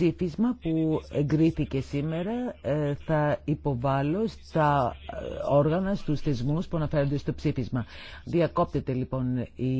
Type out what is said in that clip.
ψήφισμα που εγκρίθηκε σήμερα ε, θα υποβάλω στα ε, όργανα, στους θεσμούς που αναφέρονται στο ψήφισμα. Διακόπτεται λοιπόν η